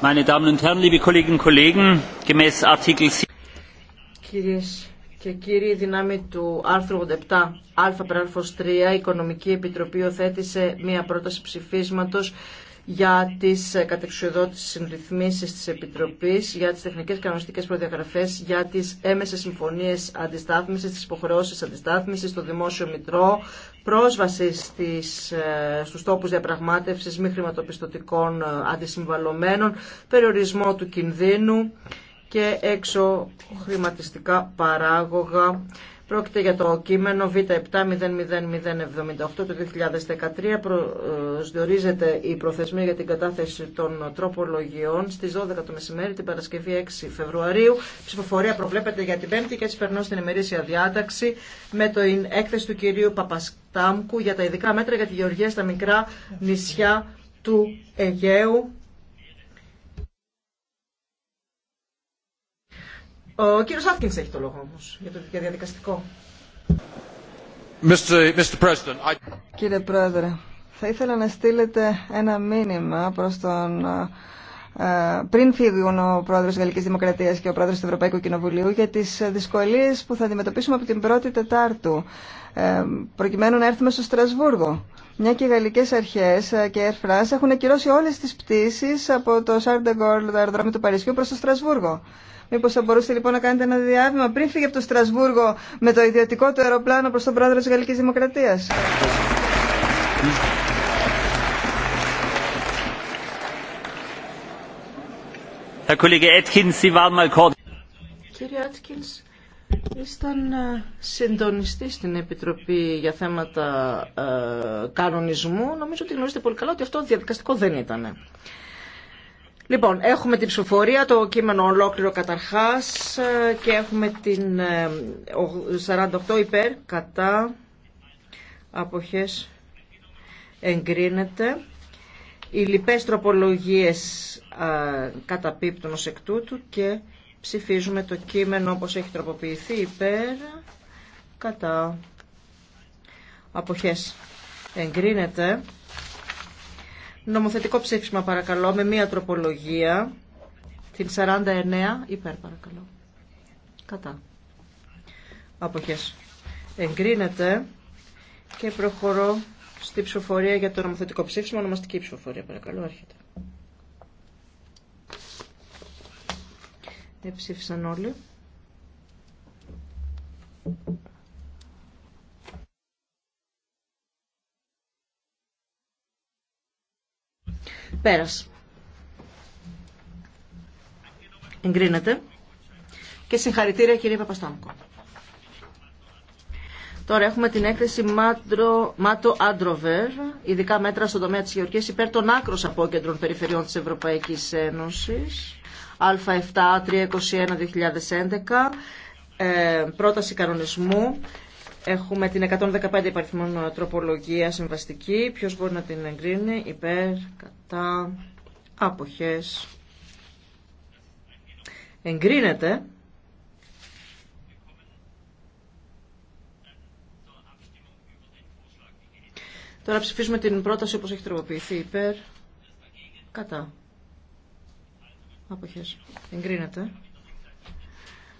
Meine Κυρίες και κύριοι, δυνάμη του άρθρου 87α 3, η Οικονομική Επιτροπή οθέτησε μία πρόταση ψηφίσματος για τις κατεξουδότητες συνρυθμίσεις της Επιτροπής, για τις τεχνικές κανονιστικές προδιαγραφές, για τις έμεσες συμφωνίες αντιστάθμισης, τις υποχρεώσεις αντιστάθμισης, το Δημόσιο Μητρό, πρόσβαση στις, ε, στους τόπους διαπραγμάτευσης μη χρηματοπιστωτικών ε, αντισυμβαλωμένων, περιορισμό του κινδύνου και έξω χρηματιστικά παράγωγα Πρόκειται για το κείμενο Β700078 του 2013. Προσδιορίζεται η προθεσμία για την κατάθεση των τροπολογιών στις 12 το μεσημέρι την Παρασκευή 6 Φεβρουαρίου. Ψηφοφορία προβλέπεται για την 5η και έτσι περνώ στην ημερήσια διάταξη με το έκθεση του κυρίου Παπαστάμκου για τα ειδικά μέτρα για τη γεωργία στα μικρά νησιά του Αιγαίου. Ο κύριος Άτκινς έχει το λόγο όμως για το διαδικαστικό. Κύριε Πρόεδρε, θα ήθελα να στείλετε ένα μήνυμα προς τον ε, πριν φύγουν ο πρόεδρος της Γαλλικής Δημοκρατίας και ο πρόεδρος του Ευρωπαϊκού Κοινοβουλίου για τις δυσκολίες που θα αντιμετωπίσουμε από την 1η Τετάρτου ε, προκειμένου να έρθουμε στο Στρασβούργο. Μια και οι γαλλικές αρχές ε, και Air France έχουν ακυρώσει όλες τις πτήσεις από το Charles το αεροδρόμιο του Παρισιού προ το Στρασβούργο. Μήπω θα μπορούσε λοιπόν να κάνετε ένα διάβημα πριν φύγει από το Στρασβούργο με το ιδιωτικό του αεροπλάνο προς τον πρόεδρο τη Γαλλικής Δημοκρατίας. Κύριε Άτκινς, ήσταν ε, συντονιστή στην Επιτροπή για θέματα ε, κανονισμού. Νομίζω ότι γνωρίζετε πολύ καλά ότι αυτό διαδικαστικό δεν ήταν. Λοιπόν, έχουμε την ψηφοφορία, το κείμενο ολόκληρο καταρχάς ε, και έχουμε την 48 ε, υπέρ, κατά, αποχές, εγκρίνεται. Οι λοιπές τροπολογίες ε, καταπίπτουν ως εκ τούτου και ψηφίζουμε το κείμενο όπως έχει τροποποιηθεί υπέρ, κατά, αποχές, εγκρίνεται. Νομοθετικό ψήφισμα παρακαλώ με μία τροπολογία. Την 49 υπέρ παρακαλώ. Κατά. Αποχές. Εγκρίνεται και προχωρώ στη ψηφοφορία για το νομοθετικό ψήφισμα. Ονομαστική ψηφοφορία παρακαλώ. έρχεται. Έψηφισαν ψήφισαν όλοι. Πέρας. Εγκρίνεται. Και συγχαρητήρια κύριε Παπαστάμκο. Τώρα έχουμε την έκθεση Μάτο Άντροβερ, ειδικά μέτρα στον τομέα της γεωργίας υπέρ των άκρων απόκεντρων περιφερειών της Ευρωπαϊκής Ένωσης, α7-321-2011, ε, πρόταση κανονισμού Έχουμε την 115 υπαριθμών τροπολογία συμβαστική. Ποιος μπορεί να την εγκρίνει υπέρ, κατά, άποχες. Εγκρίνεται. Τώρα ψηφίσουμε την πρόταση όπως έχει τροποποιηθεί υπέρ, κατά. Άποχες. Εγκρίνεται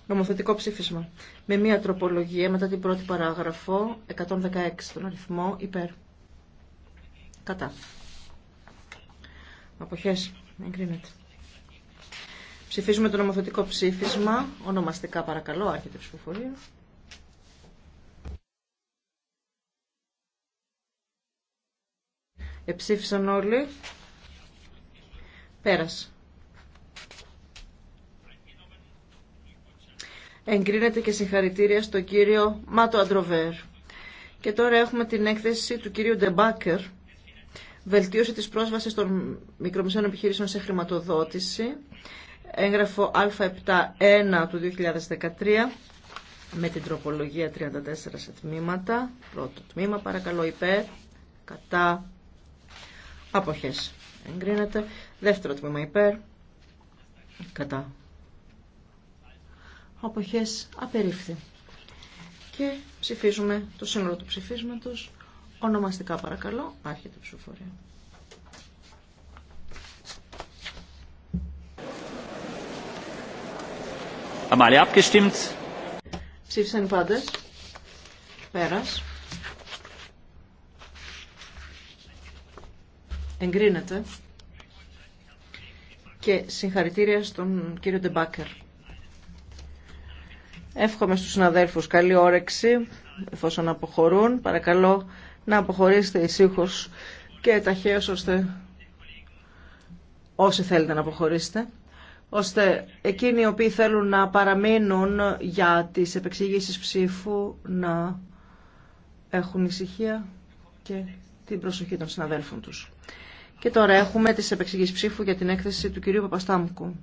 νομοθετικό ψήφισμα. Με μία τροπολογία μετά την πρώτη παράγραφο, 116 τον αριθμό, υπέρ. Κατά. Αποχές. Εγκρίνεται. Ψηφίζουμε το νομοθετικό ψήφισμα. Ονομαστικά παρακαλώ, άρχεται ψηφοφορία. Εψήφισαν όλοι. Πέρασε. εγκρίνεται και συγχαρητήρια στον κύριο Μάτο Αντροβέρ. Και τώρα έχουμε την έκθεση του κύριου Ντεμπάκερ, βελτίωση της πρόσβασης των μικρομεσαίων επιχειρήσεων σε χρηματοδότηση, έγγραφο Α7.1 του 2013, με την τροπολογία 34 σε τμήματα. Πρώτο τμήμα, παρακαλώ, υπέρ, κατά, αποχές. Εγκρίνεται. Δεύτερο τμήμα, υπέρ, κατά, αποχές απερίφθη. Και ψηφίζουμε το σύνολο του ψηφίσματος ονομαστικά παρακαλώ, άρχεται η ψηφοφορία. Ψήφισαν οι πάντες. Πέρας. Εγκρίνεται. Και συγχαρητήρια στον κύριο Ντεμπάκερ. Εύχομαι στους συναδέλφους καλή όρεξη, εφόσον αποχωρούν. Παρακαλώ να αποχωρήσετε ησύχως και ταχαίως, ώστε όσοι θέλετε να αποχωρήσετε, ώστε εκείνοι οι οποίοι θέλουν να παραμείνουν για τις επεξηγήσεις ψήφου να έχουν ησυχία και την προσοχή των συναδέλφων τους. Και τώρα έχουμε τις επεξηγήσεις ψήφου για την έκθεση του κυρίου Παπαστάμκου.